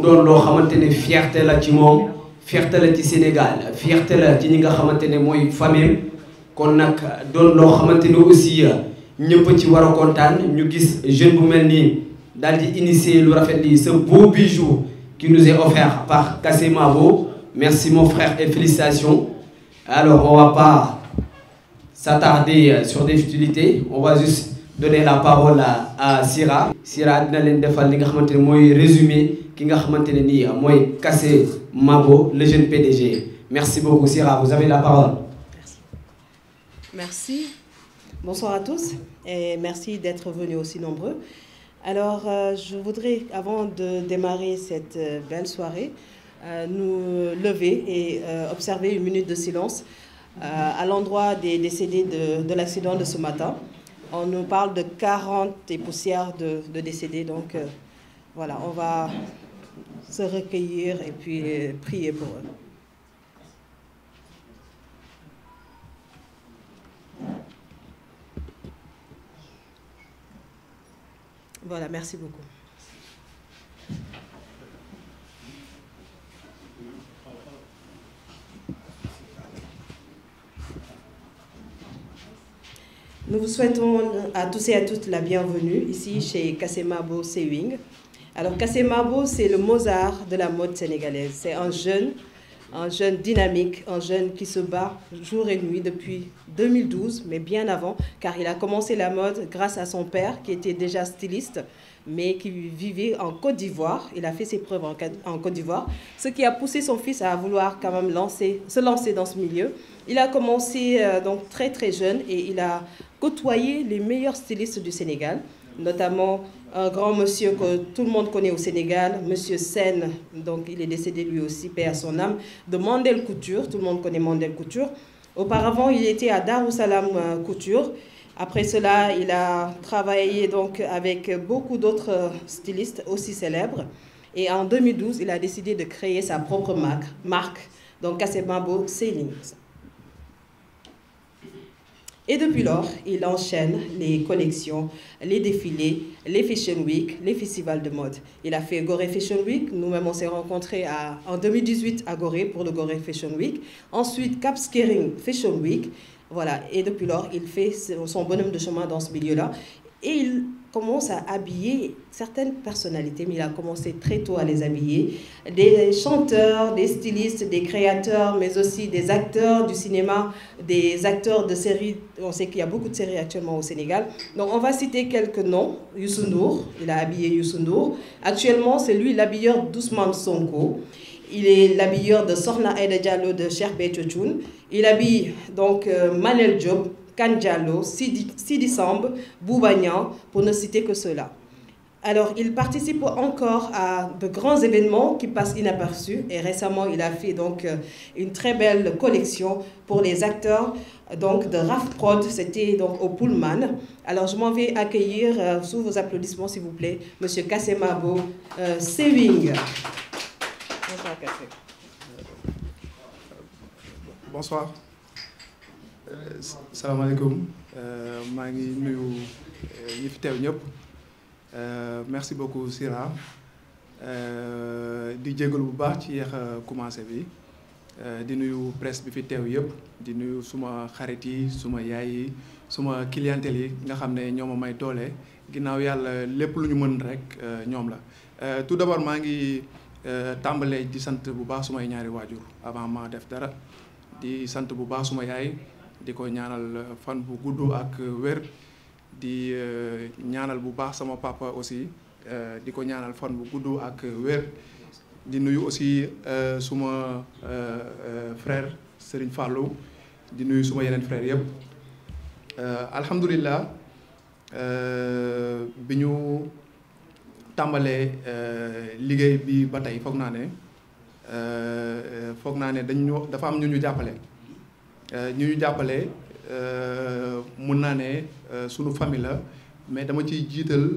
mu doon loo xamante ne fierté la ci moom fierté la ci Sénégal fierté la ci ñi nga xamante ne mooy famille kon nag doon loo xamante ne aussi ñëpp ci war kontaan ñu gis jeune bu mel ni daal di initier lu rafet lii ce beau bijou qui nous est offert par Kassé Mabo merci mon frère et félicitations alors on va pas s'attarder sur des futilités on va juste donner la parole Sira Sira dina leen defal li nga xamante ne mooy résumé ki nga xamante ne nii mooy Kassé le PDG merci beaucoup Sira vous avez la parole. merci bonsoir à tous et merci d'être venus aussi nombreux alors euh, je voudrais avant de démarrer cette euh, belle soirée euh, nous lever et euh, observer une minute de silence euh, à l'endroit des décédés de de l'accident de ce matin on nous parle de 40 poussières de décédés donc voilà on va se recueillir et puis euh, prier pour eux. Voilà, merci beaucoup. Nous vous tous et à toutes la bienvenue ici chez Kasemabo Sewing. Alors Kassemabo, c'est le Mozart de la mode sénégalaise. C'est un jeune, un jeune dynamique, un jeune qui se bat jour et nuit depuis 2012, mais bien avant, car il a commencé la mode grâce à son père qui était déjà styliste, mais qui vivait en Côte d'Ivoire. Il a fait ses preuves en, en Côte d'Ivoire, ce qui a poussé son fils à vouloir quand même lancer, se lancer dans ce milieu. Il a commencé euh, donc très très jeune et il a côtoyé les meilleurs stylistes du Sénégal. notamment un grand monsieur que tout le monde connaît au Sénégal, monsieur Sen, donc il est décédé lui aussi, paix à son âme, de Mandel Couture, tout le monde connaît Mandel Couture. Auparavant, il était à Darussalam euh, Couture. Après cela, il a travaillé avec beaucoup d'autres stylistes aussi célèbres. Et en 2012, il a décidé de créer sa propre marque, marque donc Kasebambo Sailing. Et depuis lors, il enchaîne les collections, les défilés, les Fashion Week, les festivals de mode. Il a fait Gorée Fashion Week. Nous-mêmes, on s'est rencontrés en 2018 à Gorée pour le Gorée Fashion Week. Ensuite, Cap Skering Fashion Week. Voilà. Et depuis lors, il fait son bonhomme de chemin dans ce milieu-là. Et commence à habiller certaines personnalités, mais il a commencé très tôt à les habiller, des chanteurs, des stylistes, des créateurs, mais aussi des acteurs du cinéma, des acteurs de séries. On sait qu'il y a beaucoup de séries actuellement au Sénégal. Donc on va citer quelques noms. Youssou il a habillé Youssou Actuellement, c'est lui l'habilleur d'Ousmane Sonko. Il est l'habilleur de Sorna Aida Diallo de Cher Tchoun. Il habille donc euh, Manel Job, Kane Diallo, Sidi, Sidi Samb, pour ne citer que cela. Alors, il participe encore à de grands événements qui passent inaperçus et récemment, il a fait euh, une très belle collection pour les acteurs donc de RAF Prod, c'était au Pullman. je m'en vais accueillir euh, sous vos applaudissements s'il vous plaît monsieur Kassemabo euh, Sewing. salaamaaleykum euh, maa ngi nuyu euh, ñi fi teew ñëpp euh, merci beaucoup Sira di jégalu bu baax ci yéex a commencé bi di nuyu presse bi fi teew yëpp di nuyu suma xarit yi suma yaay yi suma clientèle yi nga xam ne ñoom ma may doole ginnaaw yàlla lépp lu ñu mën rek ñoom la tout d'abord maa ngi tàmbalee di sant bu baax sumay ñaari waajur avant ma def dara di sant bu baax suma yaay. di ko ñaanal euh, fan bu gudd ak wér di euh, ñaanal bu baax sama papa aussi euh, di ko ñaanal fan bu gudd ak wér di nuyu aussi suma frère Serigne Fallou di nuyu suma yeneen frère yëpp alhamdulilah bi ñu tàmbalee liggéey bi ba tey foog naa ne foog naa ne dañ ñu dafa am ñu ñu jàppale. Euh, ñu ñu jàppale euh, mun naa ne euh, sunu famille la mais dama ciy jiital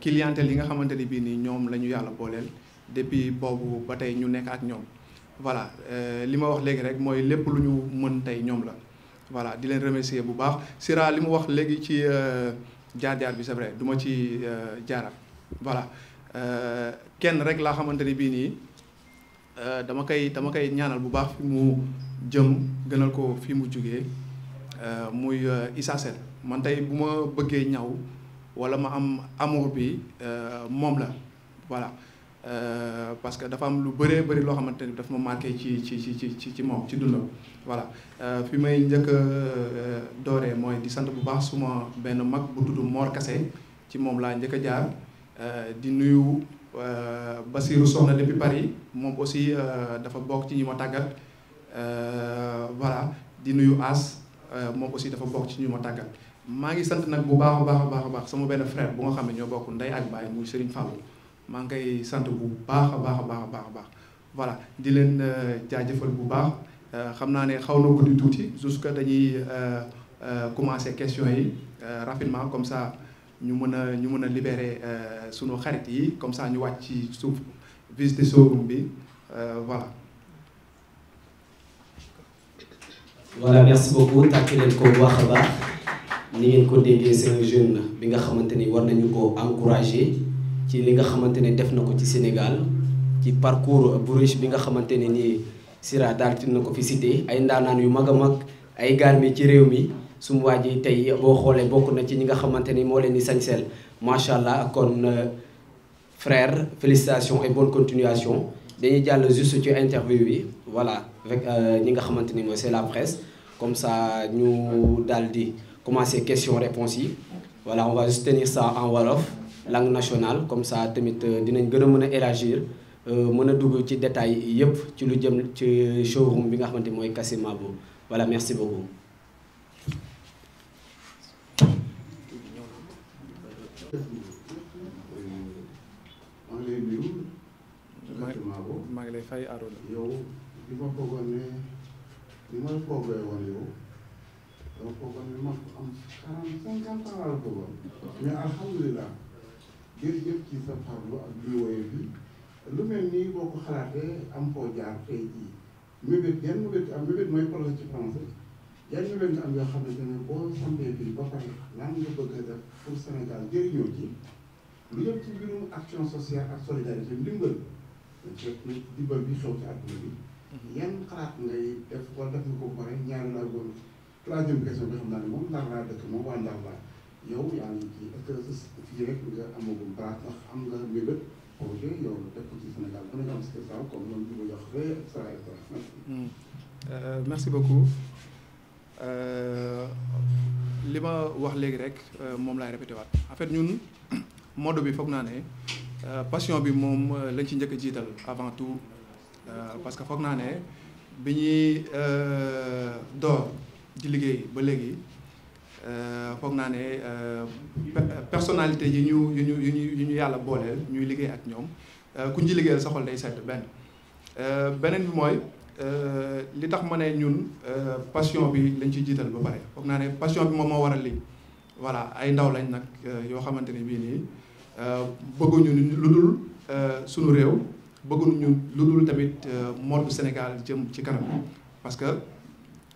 clientèle yi nga xamante ni bii nii ñoom la ñu yàlla booleel depuis boobu ba tey ñu nekk ak ñoom voilà li ma wax léegi rek mooy lépp lu ñu mën tey ñoom la voilà di leen remercier bu baax siraa li mu wax léegi ci jaar-jaar bi c'est vrai du ma ci jaarat voilà kenn rek laa xamante ni bii nii Euh, dama koy dama koy ñaanal bu baax fi mu jëm gënal ko fi mu jugee euh, muy euh, Issa Sène man tey bu ma bëggee ñaw wala ma am amour bi moom la voilà parce que dafa am lu bëree bëri loo xamante ni dafa ma marqué ci ci ci ci ci moom ci dundam voilà fi may njëkk a dooree mooy di sant bu baax suma benn mag bu tudd Mor ci moom laa njëkk a jaar di nuyu. Euh, Basirou Soxna depuis Paris euh, euh, moom aussi dafa bokk ci ñi ma tàggat voilà di nuyu As moom aussi dafa bokk ci ñu ma tàggat maa ngi sant nag bu baax a baax a baax a baax sama benn frère bu nga xam ne ñoo bokk ndey ak baay muy Serigne Fallou maa ngi koy sant bu baax a baax a baax a baax voilà di leen jaajëfal bu baax xam naa ne xaw na guddi tuuti que dañuy commencer questions yi rapidement comme sa ñu mën a ñu mën a libérer euh, sunu xarit yi comme ça ñu wàcc ci suuf visiter showroom bi euh, voilà. voilà merci beaucoup tàkk ko bu baax a ni ngeen ko déggee c'est un na bi nga xamante ni war nañu ko encourager ci li nga xamante ne def na ko ci Sénégal ci parcours bu bi nga xamante ne nii Sira daal na ko fi cité ay ndaanaan yu mag a mag ay gaal mi ci réew mi. su waa ji tey boo xoolee bokk na ci ñi nga xamante ni moo leen di sañseel macha allah kon euh, frère félicitations et bonne continuation dañuy jàll juste ci interview yi voilà avec euh, ñi nga xamante ni mooy c'est la presse comme ça ñu daal di commencer question réponse yi wala on va juste tenir ça en wolof langue nationale comme ça tamit euh, dinañ gën a mën a élargir mën a dugg ci détail yëpp ci lu jëm ci showroom bi nga xamante mooy Kassimabo wala merci beaucoup ngi lay fay Arouna. yow li ma foogoon ne li ma foogoon e ne ma am quarante cinquante ans la foogoon mais alhamdulilah jërëjëf ci sa farlu ak lii woye bi lu mel nii boo ko xalaatee am koo jaar tey jii mébét yan mébét mébét mooy projet ci français yan mébét nga am yoo xamante ne boo sampee fii ba pare lan nga bëgg def pour Sénégal jëriñoo ci lu yëpp ci mbirum action sociale ak solidarité ndimbal jot nit dimbal bi xew ci àdduna bi yan xalaat ngay def wala def nga ko ba pare ñaari laa góor troisième question bi xam naa ne moom ndax laa dëkk moom waa ndax laa yow yaa ngi ci est-ce fii rek nga amagum xalaat ndax am nga mbébét yow def ko ci Sénégal nekk am si sa comme loolu di ko jox rek et cetera et merci beaucoup euh, li ma wax léegi rek euh, moom laay répété waat en fait ñun mode bi foog naa ne Euh, passion bi moom euh, lañ ci njëkk a jiital avant tout euh, parce que foog naa ne bi ñuy door di liggéey ba léegi foog naa ne personnalité yi ñu yu ñu yu ñu ñu yàlla booleel ñuy liggéey ak ñoom ku ñu liggéeyal sa day sedd benn beneen bi mooy li tax ma ne ñun passion bi lañ ci jiital ba pare foog naa ne passion bi moom moo a lii voilà ay ndaw lañ nag yoo xamante ne bii nii Euh, bëgguñu lu dul euh, suñu réew bëgguñu lu dul tamit euh, monde Sénégal jëm ci kanam parce que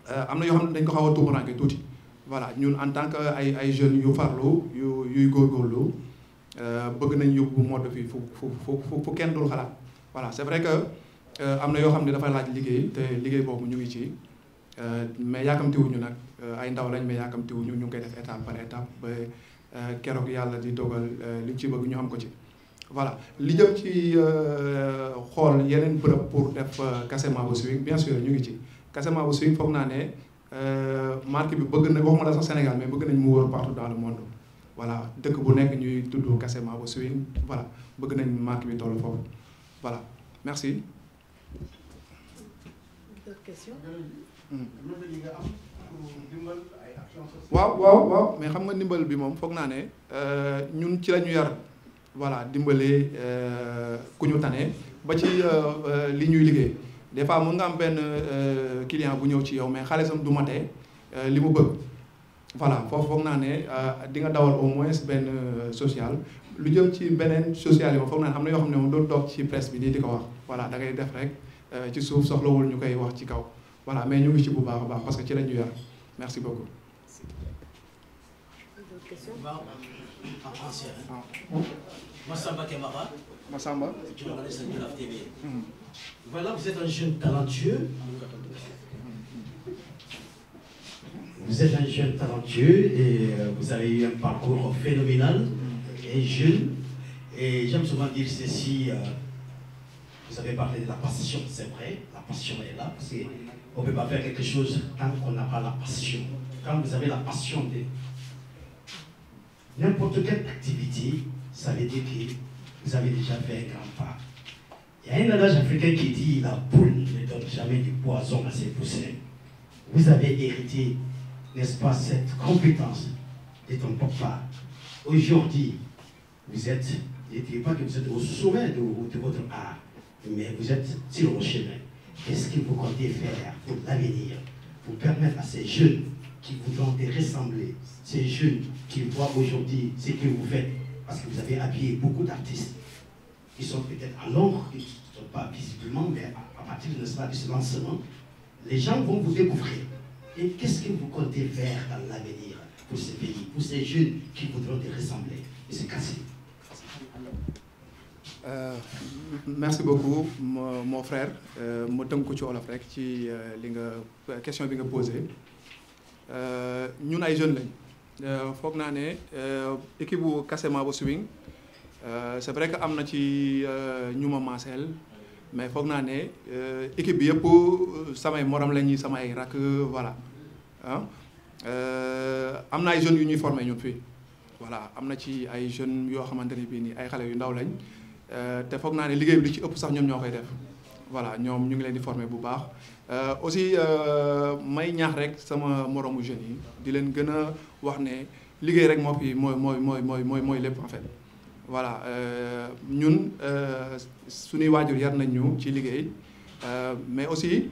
am na yoo xam ne dañ ko xaw a tuumaranke tuuti voilà ñun en tant que ay ay jeunes yu farlu yu yuy góorgóorlu bëgg nañ yóbbu monde fii fu fu fu fu kenn dul xalaat voilà c'est vrai que am na yoo xam ne dafa laaj liggéey te liggéey boobu ñu ngi ci mais yaakamtiwuñu nag ay ndaw lañ mais yaakamtiwuñu ñu ngi koy def étape par étape Euh, keroog yàlla di dogal euh, li ci bëgg ñu am ko ci. voilà li jëm ci euh, xool yeneen bërëb pour def Café Mabo Swing bien sûr ñu ngi ci Café Mabo Swing foog naa ne marque bi bëgg na waxuma la sax Sénégal mais bëgg nañ mu wër partout dans le monde voilà dëkk bu nekk ñuy tudd Café Mabo Swing voilà bëgg nañ marque bi toll foofu voilà merci. waaw waaw waaw mais xam nga ndimbal bi moom foog naa ne euh, ñun ci la ñu yar voilà dimbalee euh, ku ñu tane ba ci euh, li ñuy liggéey des fois mun nga am benn client bu ñëw ci yow mais xaalisam du matee li mu bëgg voilà foofu foog naa ne di nga dawal au moins benn social lu jëm ci beneen social yi foog naa ne am na yoo xam ne moom doo toog ci presse bi nii di ko wax voilà da ngay def rek ci suuf soxlawul ñu koy wax ci kaw. voilà mais ñu ngi ci bu baax a baax parce que ci la ñu yar merci beaucoup. d'autres questions. waaw en français. Massamba Camara. Massamba. Hmm. vous êtes un jeune talentueux. vous êtes un jeune talentueux et euh, vous avez eu un parcours phénoménal hmm. et jeune euh, vous avez parlé de la passion c'est vrai la passion est là parce que on ne peut pas faire quelque chose la passion. Quand vous avez la passion de n'importe quelle activité, ça veut dire que vous déjà fait un grand pas. Il y a un adage africain qui dit la poule ne donne jamais du poison à ses poussins. Vous avez hérité, n'est-ce pas, cette compétence de ton papa. Aujourd'hui, vous êtes, je ne dis pas que vous mais vous êtes sur le Qu'est-ce que vous comptez faire pour l'avenir pour permettre à ces jeunes qui vous ont ressemblé, ces jeunes qui voient aujourd'hui ce que vous faites, parce que vous avez habillé beaucoup d'artistes. Ils sont peut-être à l'ombre, ils ne sont pas visiblement, mais à partir de ce lancement, les gens vont vous découvrir. Et qu'est-ce que vous comptez faire dans l'avenir pour ce pays, pour ces jeunes qui voudront te ressembler Et c'est cassé. Euh, merci beaucoup mon frère euh, ma ko ci wolof rek ci euh, li nga question bi nga posé ñun ay jeunes lañ foog naa ne équipe bu Casamance Swing c'est vrai que am na ci ñu ma maaseel mais foog naa ne équipe bi yëpp samay morom la ñuy samay rakk voilà ah am na ay jeunes yu ñuy formé ñun fi voilà am na ci ay jeunes yoo xamante ne bii nii ay xale yu ndaw lañ. Euh, te foog naa ne liggéey bi ci ëpp sax ñoom ñoo koy def voilà ñoom ñu ngi leen di former bu baax euh, aussi euh, may ñaax rek sama moromu jeunes yi di leen gën a wax ne liggéey rek moo fi mooy mooy mooy mooy mooy mooy lépp en fait voilà ñun suñuy waajur yar nañ ñu ci liggéey mais aussi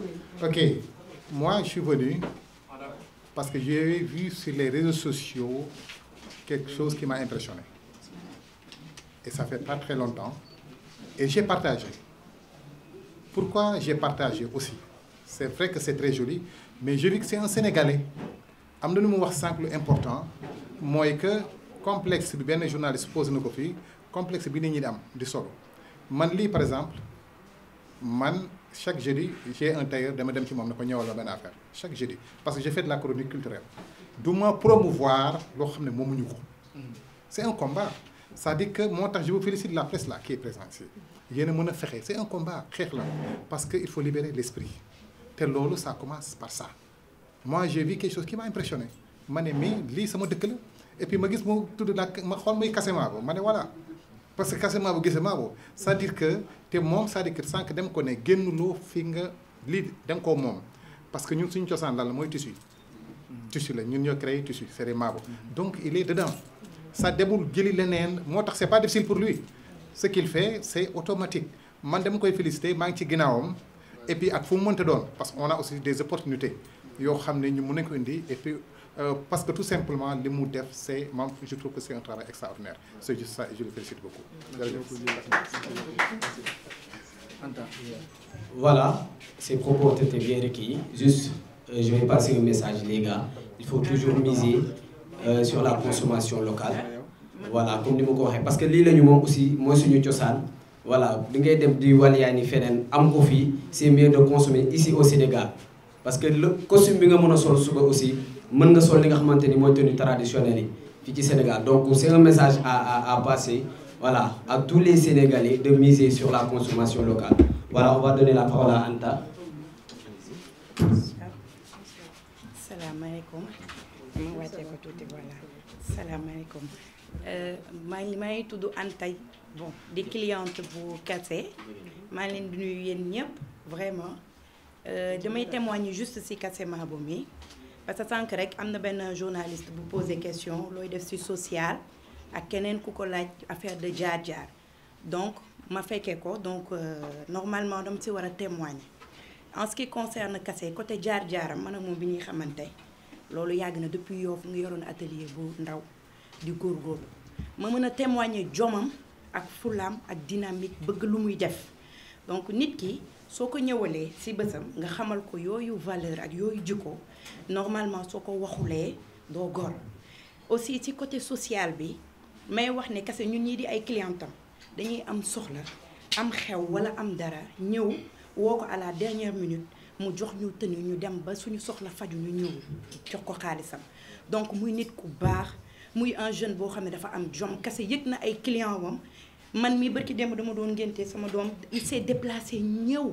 Ok, moi je suis venu parce que j'ai vu sur les réseaux sociaux quelque chose qui m'a impressionné. Et ça fait pas très longtemps. Et j'ai partagé. Pourquoi j'ai partagé aussi C'est vrai que c'est très joli, mais je vis que c'est un Sénégalais. am na lu mu wax sànq lu important mooy que complexe bi benn journaliste posé na ko fii complexe bi ni ñi di am di solo man lii par exemple man. chaque jeudi j'ai un tailleur dama dem ci moom ne ko ñëwal ma benn affaire chaque jeudi parce que j'ai fait de la chronique culturelle du ma promouvoir loo xam ne moomuñu ko c'est un combat cest dire que moo tax je félicite la presse là qui est présente ici yéen a mën a fexe c'est un combat xeex la parce que il faut libérer l'esprit te loolu sa commence par ça moi j'ai vu quelque chose qui m'a impressionné ma ne mais lii sama dëkk la et puis ma gis mu tudd nag ma xool muy kasema ba ma ne voilà parce que casamance bu gisee maaboo cest dire que te moom cest dire que sànq dem ko ne génnuloo fi nga lii da nga koo moom parce que ñun suñ cosaan lan la mooy tissu. tissu la ñun ñoo créé tissu c'est maabo donc il est dedans ça demul jëli leneen moo tax c'est pas difficile pour lui ce qu'il fait c'est automatique man dem koy féliciter maa ngi ci ginnaawam et puis ak fu mu mënta doon parce que qu'on a aussi des opportunités yoo xam ne ñu mu nañ ko Euh, parce que tout simplement li mu def c'est moom je trouve que c'est un c'est juste ça et voilà ces propos étaient bien requis juste euh, je vais passer un message les il faut toujours miser euh, sur la consommation locale voilà comme ni ma ko waxee parce que lii lañu moom aussi mooy suñu cosaan voilà li ngay dem di waliyaani feneen am ko fii c'est mieux de consommer ici au Sénégal parce que le costume bi nga mën a sol suba aussi. mën nga sol li nga xamante ni mooy tenue traditionnelle yi fii ci Sénégal donc c'est un message à à à passer voilà ak tous les Sénégalais de miser sur la consommation locale voilà on va donner la parole à Anta. salaamaaleykum ma wàccee ko tuuti voilà euh, ngi maa ngi tudd Antay bon di cliente bu Kassé maa ngi leen di nuyu yéen ñëpp vraiment euh, damay témoigner juste ci Kassé Maabo mi parce que sànq rek am na benn journaliste bu posé question looy def si social ak keneen ku ko laaj affaire de jaar-jaar donc ma fekkee ko donc euh, normalement dama ci war a témoigner en ce qui concerne Kassé côté jaar-jaaram man ak moom bi ñuy xamante loolu yàgg na depuis Yoff mu ngi yoroon atelier bu ndaw di góorgóorlu ma mën a témoigner jomam ak fulaam ak dynamique bëgg lu muy def donc nit ki. soo ko ñëwalee si bësam nga xamal ko yooyu valeur ak yooyu jikko normalement soo ko waxulee doo gor aussi ci côté sociale bi may wax ne kase ñun ñii di ay clientam dañuy am soxla am xew walla am dara ñëw woo ko à la dernière minute mu jox ñu tënu ñu dem ba suñu soxla faju ñu ñëwul jox ko xaalisam donc muy nit ku baax muy un jeune boo xam ne dafa am jom kase yëg na ay client wam man mii barki démb dama doon ngénte sama doom il see déplacé ñëw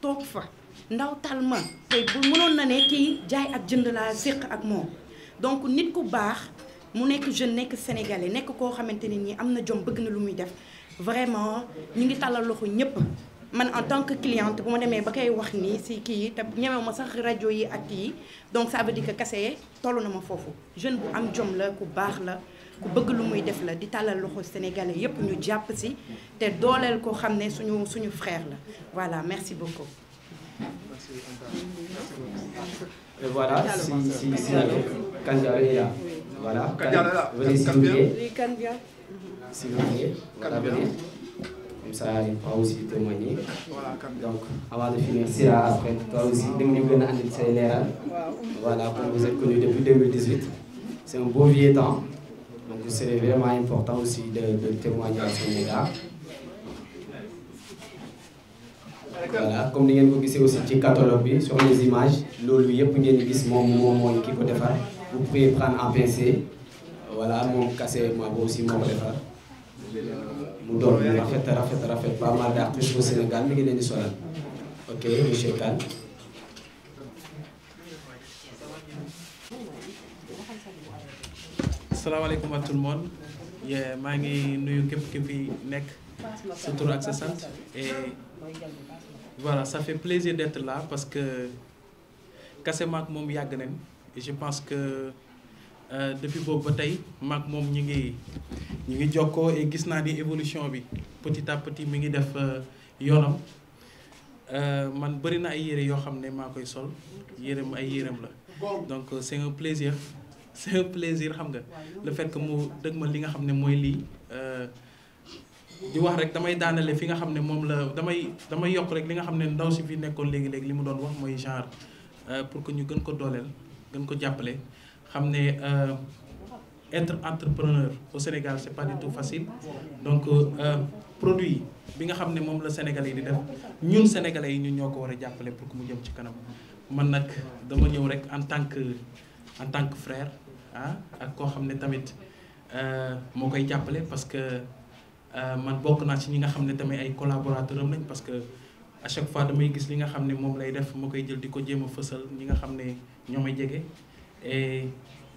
toog fa ndaw tal ma tey bu mënoon na ne kii jaay ak jënd laa séq ak moom donc nit ku baax mu nekk jeune nekk sénégalais nekk koo xamante ne nii am na jom bëgg na lu muy def vraiment ñu ngi tàllal loxo ñëpp man en tant que cliente bu ma demee ba koy wax nii si kii yi te ñemew ma sax rajo yi ak kii donc ça veut dire que kase toll na ma foofu jeune bu am jom la ku baax la bëgg lu muy def la di tàllal loxo sénégalais yépp ñu jàpp si te dooleel ko xam ne suñu suñu frère la voilà merci beaucoup. Merci, Et voilà, si, si, si, Kandia est là. Voilà, Kandia, venez s'il vous plaît. Oui, Kandia. voilà, venez. Comme ça, Voilà, Donc, avant de Voilà, comme vous êtes connu depuis 2018, c'est un beau vieux temps. Donc c'est vraiment important aussi de, de se à son égard. voilà comme ni ngeen ko gisee aussi ci catalogue bi sur les images loolu yëpp ngeen gis moom moom mooy ki ko defar vous pouvez prendre en pincée voilà moom kase ma bo aussi moo ko defar mu doon rafet rafet rafet pas mal d'artistes au Sénégal mi ngi leen di solal ok monsieur Kane salaamaaleykum à tout le maa ngi nuyu képp ki fi nekk sa tur ak sa sant et voilà ça fait plaisir d'être là parce que kase maak moom yàgg nañ je pense que euh, boobu ba tey maak moom ñu ngi ñu ngi jokkoo et gis naa ni évolution bi petit à petit mi ngi def euh, yoonam euh, man bëri na ay yére yoo xam ne maa koy sol yérem ay yérem la donc euh, c'est plaisir c'est un plaisir xam nga le fait que mu dëgg ma li nga xam ne mooy lii euh, di wax rek damay daanale fi nga xam ne moom la damay damay yokk rek li nga xam ne ndaw si fi nekkoon léegi-léegi li mu doon wax mooy genre euh, pour que ñu gën ko dooleel gën ko jàppale xam ne euh, être entrepreneur au Sénégal c'est pas du tout facile donc produit bi nga xam ne moom la Sénégalais yi di def ñun Sénégalais yi ñu ñoo ko war a jàppale pour que mu jëm ci kanam man nag dama ñëw rek en tant que en tant que frère ah ak koo xam ne tamit euh, moo koy jàppale parce que euh, man bokk naa ci ñi nga xam ne tamit ay collaborateur am nañ parce que à chaque fois damay gis li nga xam ne moom lay def ma koy jël di ko jéem a fësal ñi nga xam ne ñoo may jege et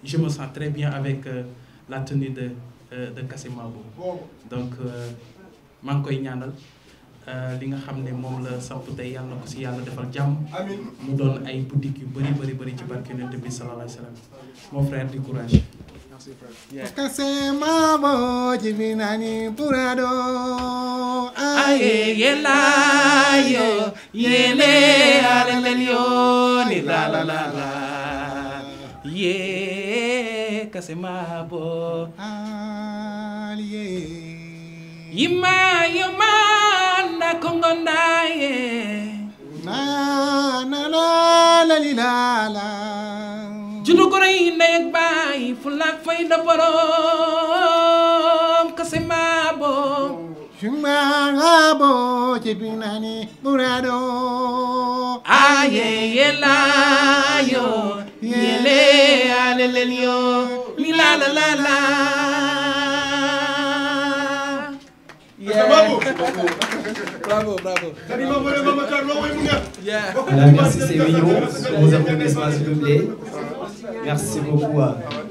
je me sens très bien avec euh, la tenue de de Kassimabo donc maa ngi koy ñaanal. Euh, li nga xam ne moom la samp tey yàlla ko si yàlla defal jàmm mu doon ay boutique yu bëri bëri bëri ci barke Yonent bi sallallahu alayhi wa sallam mon frère du courage Kasema jiminani burado aye yela la la la la kongo ndaye na na la la li la la junu gore yi fu laak fay da borom kase maabo shumaabo ci binani burado aye yela yo yele alelen yo li la la la bravo bravo. Voilà, merci, c'est Rio. On vous applaudit, s'il vous plaît. Merci beaucoup à